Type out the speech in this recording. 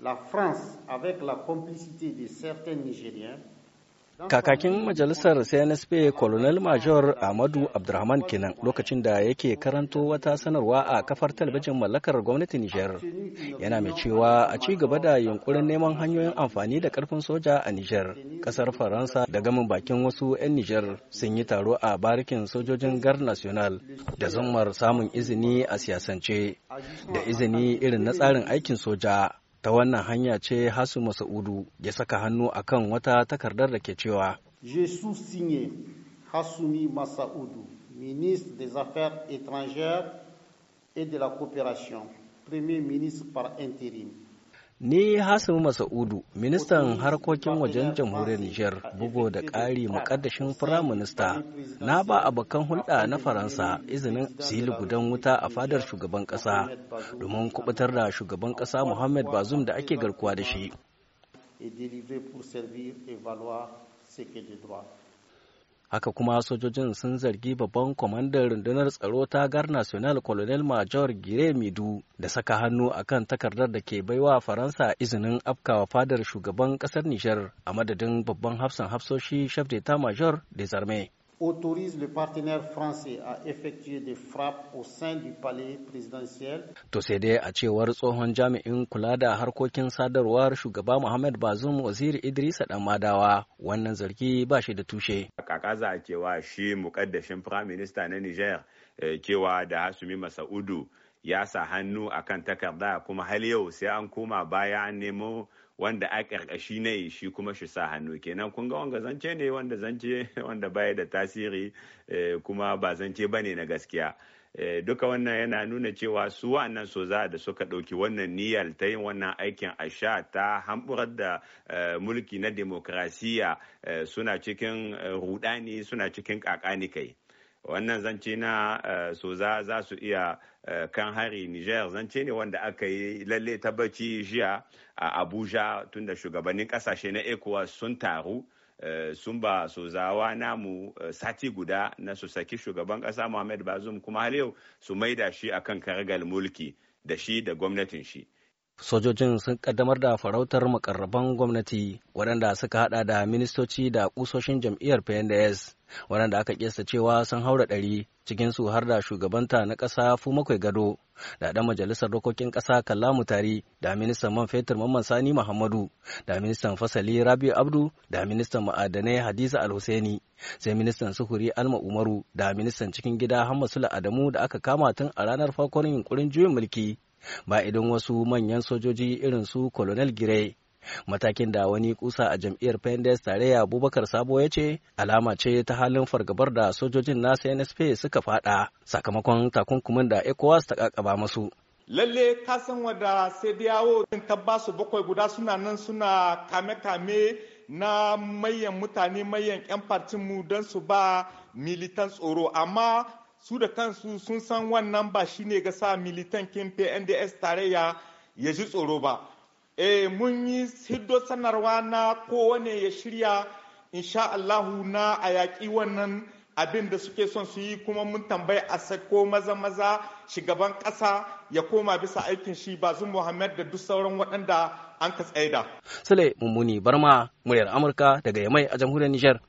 la France avec la complicité de Kakakin majalisar CNSP Colonel Major Ahmadu Abdurrahman kenan lokacin da yake karanto wata sanarwa a kafar talabijin mallakar gwamnatin Nijar. Yana mai cewa a ci gaba da yunkurin neman hanyoyin amfani da karfin soja a Nijar. Kasar Faransa da gamin bakin wasu 'yan Nijar sun yi taro a barikin sojojin Gar National da zummar samun izini a siyasance da izini irin na tsarin aikin soja. Je wannan signé hasumi masa'udu ministre des affaires étrangères et de la coopération premier ministre par intérim Ni Hassan Masa'udu, ministan harkokin wajen jamhuriyar Nijar, bugo da ƙari muƙaddashin minista na ba abokan hulɗa na Faransa izinin sili gudan wuta a fadar shugaban ƙasa domin kubutar da shugaban ƙasa Muhammad Bazoum da ake garkuwa da shi. haka kuma sojojin sun zargi babban kwamandan rundunar tsaro ta gar national colonel major gire midu da saka hannu a kan takardar da ke baiwa faransa izinin afkawa fadar shugaban kasar nijar a madadin babban hafsan hafsoshi chef d'etat major desarme autorise le partenaire français à effectuer des frappes au sein du palais présidentiel. To sai dai a cewar tsohon jami'in kula da harkokin sadarwar shugaba Muhammad Bazoum Waziri Idris Adamadawa wannan zargi ba shi da tushe. ƙasa cewa shi muƙaddashin firaminista minista na niger eh, cewa da hasumi masaudu ya sa hannu a kan takarda kuma hal yau sai an koma baya an nemo wanda a ƙarƙashi ne shi kuma shi sa hannu kenan kun ga wanga zance ne wanda zance wanda baya da tasiri eh, kuma ba zance bane na gaskiya Eh, duka wannan yana nuna cewa su wannan so za da suka ɗauki wannan niyyar ta yin wannan aikin a sha ta hamburar da eh, mulki na demokrasiya eh, suna cikin rudani suna cikin kakani kai wannan zance na soza za su iya kan hari niger zance ne wanda aka yi lalle tabbaci jiya a abuja tunda shugabannin kasashe na ecowas sun taru Eh, sun ba zawa namu eh, sati guda na su saki shugaban ƙasa Muhammad Bazum kuma har yau su maida shi akan kargal mulki da shi da gwamnatin shi. sojojin sun kaddamar da farautar makarraban gwamnati waɗanda suka hada da ministoci da kusoshin jam'iyyar pnds waɗanda aka kiyasta cewa sun haura ɗari cikin su har da shugabanta na ƙasa makwai gado da ɗan majalisar dokokin ƙasa kalla mutari da ministan man fetur mamman sani muhammadu da ministan fasali rabiu abdu da ministan ma'adanai hadiza alhusaini sai ministan suhuri alma umaru da ministan cikin gida hamma sula adamu da aka kama tun a ranar farkon yunkurin juyin mulki ba idan wasu manyan sojoji irin su colonel gire matakin da wani kusa a jam'iyyar pendes tarayya abubakar sabo ya ce alama ce ta halin fargabar da sojojin na nsp suka fada sakamakon takunkumin da ecowas ta kakaba masu lalle ka san wada sai yawo tabbasu bakwai guda suna nan suna kame-kame na mayan mutane mayan 'yan mu don su ba militan tsoro amma su da kansu sun san wannan ba shi ne ga sa militan kin PNDS tarayya ya ji tsoro ba e mun yi hiddo sanarwa na kowane ya shirya insha Allahu na a yaƙi wannan abin da suke son su yi kuma mun tambayi a sako maza maza shugaban ƙasa ya koma bisa aikin shi ba zu Muhammad da duk sauran waɗanda an ka tsaida. Sule Mummuni Barma, muryar Amurka daga Yamai a jamhuriyar Nijar.